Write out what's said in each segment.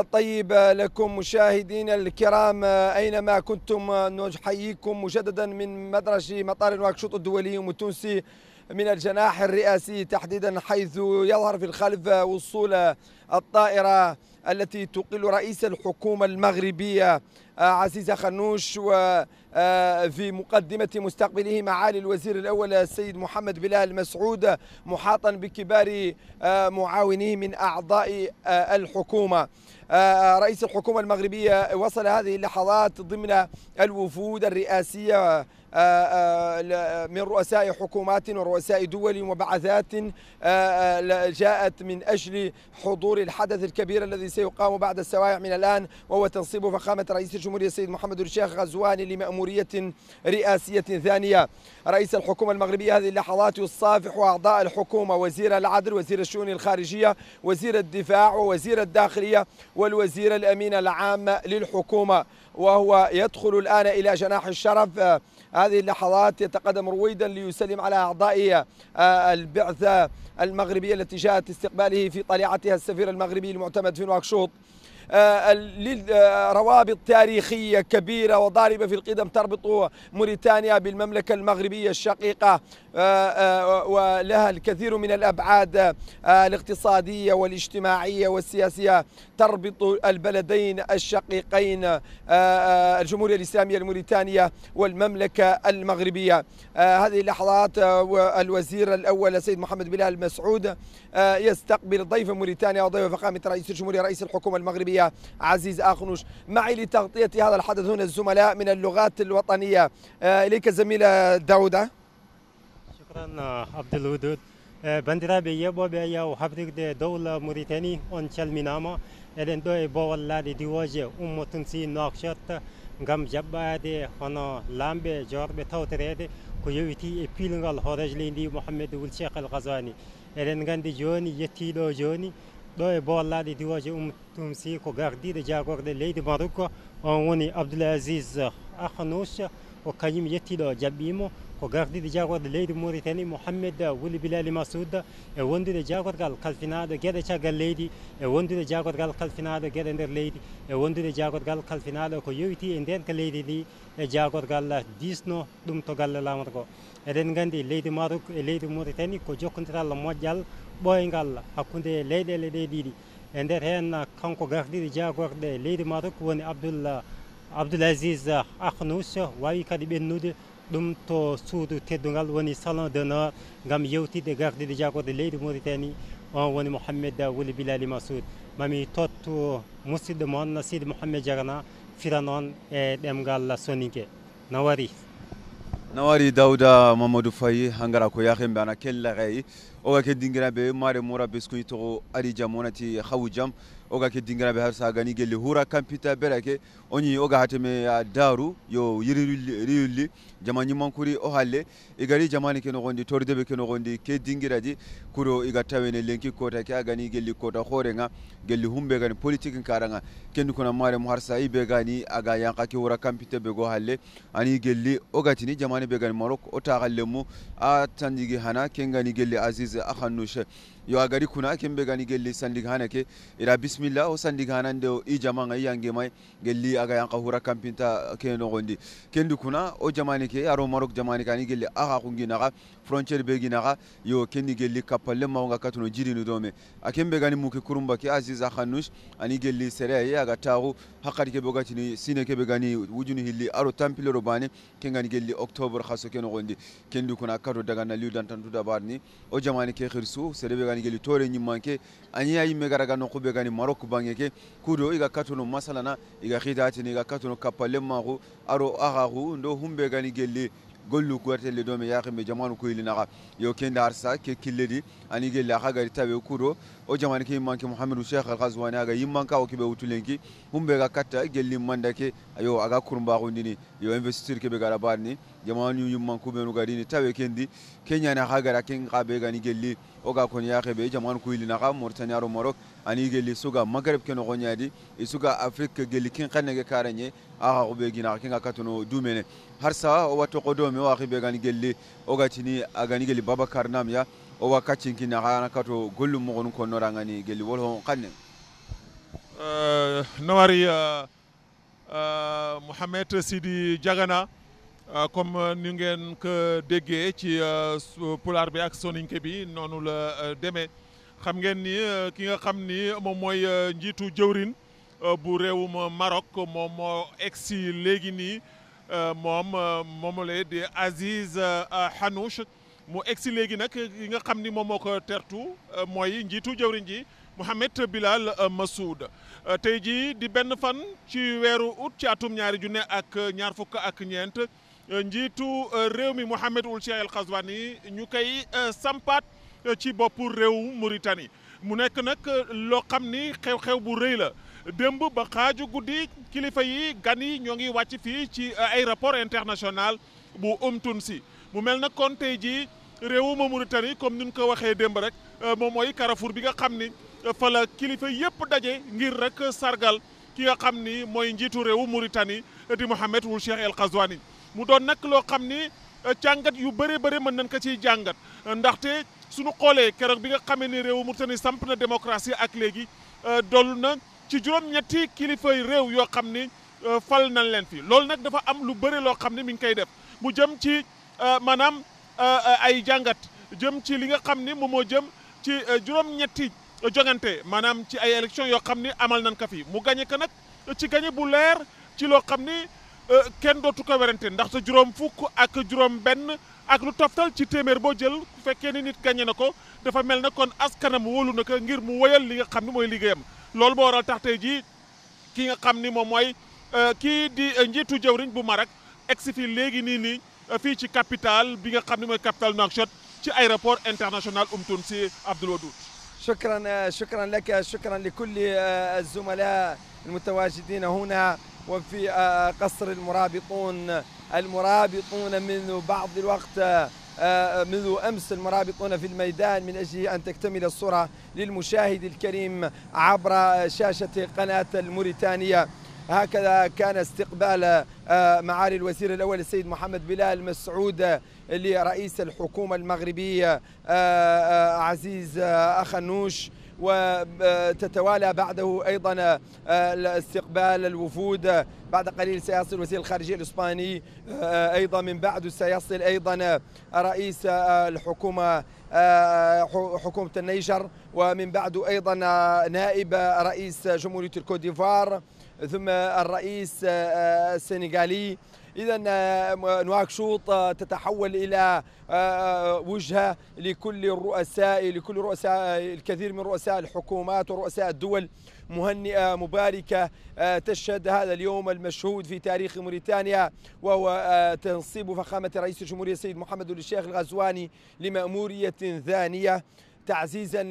طيبة لكم مشاهدينا الكرام أينما كنتم نحييكم مجددا من مدرج مطار نواكشوط الدولي التونسي من الجناح الرئاسي تحديدا حيث يظهر في الخلف وصول الطائرة التي تقل رئيس الحكومة المغربية عزيزة خنوش و في مقدمة مستقبله معالي الوزير الأول السيد محمد بلال مسعود محاطا بكبار معاونيه من أعضاء الحكومة رئيس الحكومة المغربية وصل هذه اللحظات ضمن الوفود الرئاسية من رؤساء حكومات ورؤساء دول وبعثات جاءت من أجل حضور الحدث الكبير الذي سيقام بعد السوايع من الآن وهو تنصيب فخامة رئيس الجمهورية السيد محمد الشيخ غزواني لمأمور جمهورية رئاسية ثانية رئيس الحكومة المغربية هذه اللحظات يصافح أعضاء الحكومة وزير العدل وزير الشؤون الخارجية وزير الدفاع ووزير الداخلية والوزير الأمين العام للحكومة وهو يدخل الآن إلى جناح الشرف هذه اللحظات يتقدم رويدا ليسلم على أعضاء البعثة المغربية التي جاءت استقباله في طليعتها السفير المغربي المعتمد في نواكشوط روابط تاريخية كبيرة وضاربة في القدم تربط موريتانيا بالمملكة المغربية الشقيقة ولها الكثير من الأبعاد الاقتصادية والاجتماعية والسياسية تربط البلدين الشقيقين الجمهورية الإسلامية الموريتانية والمملكة المغربية هذه اللحظات الوزير الأول السيد محمد بلال مسعود يستقبل ضيف موريتانيا وضيف فخامة رئيس الجمهورية رئيس الحكومة المغربية العربية عزيز أخنوش معي لتغطية هذا الحدث هنا الزملاء من اللغات الوطنية إليك الزميلة داودة شكرا عبد الودود bandira ɓe yeɓoɓe yaw hafrirde dowla mauritanie on calminama eɗen ɗo e bowollade diwoje ummatunsi nokshot gam jaɓɓade hono lamɓe jorɓe tawtorede ko yowiti e pilgal horeje leydi mouhamadou wul cheikh al gasani eɗen gandi joni yettiɗo joni ɗo e boollaɗi diwaji um tumsi ko gardiɗo jagorɗe leydi marok o woni abdoul asis أخنوش وقيم يتلا جبيمو وقردي دي جاغود ليد موريتاني محمد ولي بلال مسعود وندي دي جاغود قال خلفنا دو جدا شا قال ليدي وندي دي جاغود قال خلفنا دو جدا اندر ليدي وندي دي جاغود قال خلفنا دو كو يويتي اندين كليدي دي جاغود قال ديسنو دوم تو قال لامرغو eden gandi leydi marok e leydi mauritanie ko jokkondiral moƴƴal ɓoyngal hakkunde leyɗele ɗe ɗiɗi e nder hen kanko gardiɗo jagorɗe leydi marok woni abdoullah abdoulaziz akhnous wawi kadi ɓennude ɗum to suudu teddugal woni salon d'honneur gam yewtidde gardiɗe jagorde leydi mauritanie on woni mouhammed wuli bilali masoud mami tottu musidɗo moon sidi mouhammed diagana fira noon e ɗemgal soninke no wari no wari dawda mamadou fayi ha gara ko yaahemɓe ana kella rey oga keddingiraɓe mare mora beskuyi toxo ari jam wonati xawu a oga keddingiraɓe har sagani gelle hura kampita berake oñi oga hateme a daru yo yiriyulli jama ñimmankuri o halle igari jamani ke noxondi tordeɓe ke noxondi ke dingiradi kuro iga tawene lenki kota ke a gani gelli kota xoorenga gelli humbe gani politique nkaranga kendi kona mare mo har sayi be gani aga yanka ke hura kampite be go halle ani gelli ogatini jamani be gani maroc o taxallemu a tandigi hana ke gani gelli asis العزيز أخ النشا yo a gari kuna kembe gani gelli sandig hanake ira bismillah o sandig hanande o i jama ngai yange mai gelli aga yanka hura kampinta ke no gondi kendi kuna o jamani ke aro marok jamani kani gelli aga kungi naga frontiere begi naga yo kendi gelli kapalle maunga katuno jiri no dome akembe gani muke kurumba ke aziz akhanush ani gelli sere ya aga tagu hakari ke bogati ni ke gani wujuni hilli aro ke no gondi kendi kuna kato daga na gani geli tore a aniya yimme gara ga noqube gani marok bangeke kudo iga katuno masalana iga xitatini iga a kappalemaxu aro axaxu ndo humbe gani gelli gollu kuwartelle ɗo mi yahimɓe jamanu koylinaxa yo ke darsa ke killedi ani gelle axa gari tawe kuuro o jamani ke yimmanke mouhamadou cheikh alhaswane a yimmanka o keɓe wutulenki humɓe ga katta gelli mandake yo aga kurmbaxundini yo investiture keɓe gara jamanu yummankuɓenu gadini tawe kendi keñani axa gara ken xaɓe gani gelli oga koni yaxeɓe jaman kuyilinaxa mauritania ro maroc ani gelli suga magreb ke noxo ñadi i suga afrique gelli ken xennege karenñe axa xuɓe ginaxa kenga katono dumene har sa owa toqo dome owa xiɓe gani gelli ogatini agani gelli babacar namya owa kacinkini axana kato gollum moxonu konnorangani gelli wolho xanne eh, nawari eh, eh, mohamed sidi diagana Euh, comme euh, ni ngeen ko déggee ci euh, pulaar bi ak soninke bi noonu la demee xam ngeen ni ki nga xam ni moom mooy njiitu jëwrin bu réewum Maroc moom moo egsi léegi nii moom moomule di Aziz Hanouch mu egsi léegi nag yi nga xam ni moom moo ko tertu mooy njiitu jëwrin ji Mohamed Bilal Massoud tey jii di benn fan ci weeru août ci atum ñaari junne ak ñaar fukk ak ñeent Eh, njiitu eh, réew mi Mohamed Ould Cheikh El Ghazouani ñu koy eh, sampaat ci bopp réew Mauritanie mu nekk nag loo xam ni xew-xew bu rëy la démb ba xaaju guddi kilifa yi gan yi ñoo ngi wàcc fii ci aéroport international bu Umtounsy mu mel na kon ji réew réewuma Mauritanie comme ni ñu ko waxee démb rek moom mooy Carrefour bi nga xam ni fala la kilifa yëpp daje ngir rek sargal ki nga xam ni mooy njiitu réewu Mauritanie di Mohamed Ould Cheikh El Ghazouani mu doon nag loo xam ni euh, jàngat yu bëree bëri mën nañ ko ciy jàngat euh, ndaxte sunu xoolee keroog bi nga xamee ni réew réewu Mauritanie samp na démocratie ak léegi euh, dollu na ci juróom-ñetti kilifa yi réew yoo xam ni fal nañ leen fi loolu nag dafa am lu bëri loo xam ni mi ngi koy def mu jëm ci maanaam ay jàngat jëm ci li nga xam ni moom moo jëm ci juróom-ñetti jogante maanaam ci ay élection yoo xam ni amal nañ ko fi mu gañe ko nag ci gañe bu leer ci loo xam ni Euh, kenn dootu ko ndax ndaxte juróom fukk ak juróom benn ak lu toftal ci téeméer boo jël ku fekkee ni nit gañe na ko dafa mel na kon askanam wóolu na ko ngir mu woyal li nga xam ni mooy liggéeyam loolu moo waral tax jii ki nga xam ni moom mooy euh, kii di euh, njiitu jëwriñ bu Maroc egsi fii léegi nii nii fii ci capital bi nga xam ne mooy capitale Nouakchott ci aéroport international Oumtounsy Abdoul Wadoud شكرا شكرا لك شكرا لكل الزملاء المتواجدين هنا وفي قصر المرابطون المرابطون منذ بعض الوقت منذ أمس المرابطون في الميدان من أجل أن تكتمل الصورة للمشاهد الكريم عبر شاشة قناة الموريتانية هكذا كان استقبال معالي الوزير الأول السيد محمد بلال مسعود لرئيس الحكومة المغربية عزيز أخنوش وتتوالى بعده أيضا استقبال الوفود بعد قليل سيصل وزير الخارجية الإسباني أيضا من بعده سيصل أيضا رئيس الحكومة حكومة النيجر ومن بعده أيضا نائب رئيس جمهورية الكوت ديفوار ثم الرئيس السنغالي إذا نواكشوط تتحول إلى وجهة لكل الرؤساء لكل رؤساء الكثير من رؤساء الحكومات ورؤساء الدول مهنئة مباركة تشهد هذا اليوم المشهود في تاريخ موريتانيا وهو تنصيب فخامة رئيس الجمهورية السيد محمد الشيخ الغزواني لمأمورية ثانية تعزيزا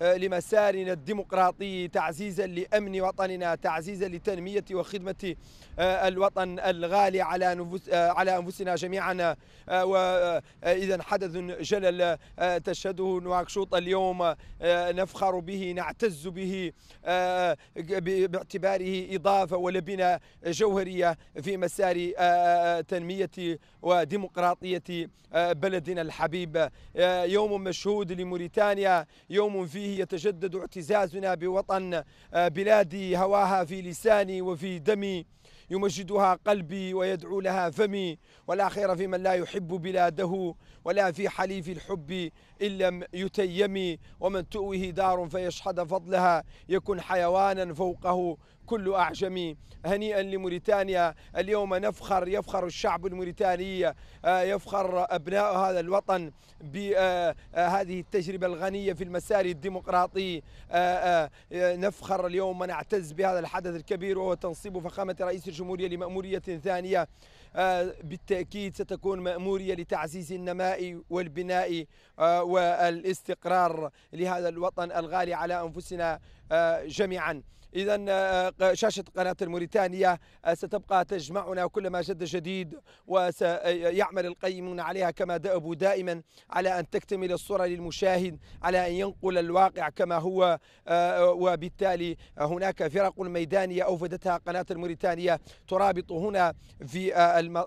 لمسارنا الديمقراطي تعزيزا لأمن وطننا تعزيزا لتنمية وخدمة الوطن الغالي على نفس على أنفسنا جميعا وإذا حدث جلل تشهده نواكشوط اليوم نفخر به نعتز به باعتباره إضافة ولبنة جوهرية في مسار تنمية وديمقراطية بلدنا الحبيب يوم مشهور العهود لموريتانيا يوم فيه يتجدد اعتزازنا بوطن بلادي هواها في لساني وفي دمي يمجدها قلبي ويدعو لها فمي ولا خير في من لا يحب بلاده ولا في حليف الحب إن لم يتيم ومن تؤوه دار فيشحد فضلها يكن حيوانا فوقه كل أعجمي هنيئا لموريتانيا اليوم نفخر يفخر الشعب الموريتاني يفخر أبناء هذا الوطن بهذه التجربة الغنية في المسار الديمقراطي نفخر اليوم ونعتز بهذا الحدث الكبير وهو تنصيب فخامة رئيس الجمهورية لمأمورية ثانية بالتأكيد ستكون مأمورية لتعزيز النماء والبناء والاستقرار لهذا الوطن الغالي على أنفسنا جميعا إذا شاشة قناة الموريتانية ستبقى تجمعنا كلما جد جديد وسيعمل القيمون عليها كما دأبوا دائما على أن تكتمل الصورة للمشاهد على أن ينقل الواقع كما هو وبالتالي هناك فرق ميدانية أوفدتها قناة الموريتانية ترابط هنا في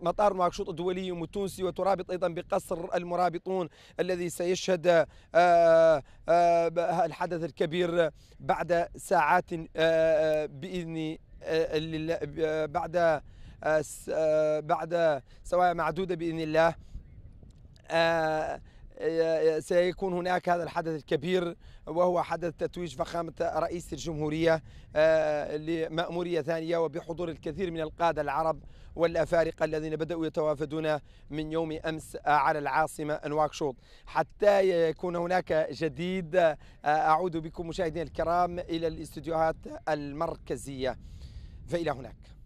مطار نواكشوط الدولي التونسي وترابط أيضا بقصر المرابطون الذي سيشهد الحدث الكبير بعد ساعات باذن لله بعد بعد سواء معدوده باذن الله سيكون هناك هذا الحدث الكبير وهو حدث تتويج فخامة رئيس الجمهورية لمأمورية ثانية وبحضور الكثير من القادة العرب والأفارقة الذين بدأوا يتوافدون من يوم أمس على العاصمة نواكشوط حتى يكون هناك جديد أعود بكم مشاهدينا الكرام إلى الاستديوهات المركزية فإلى هناك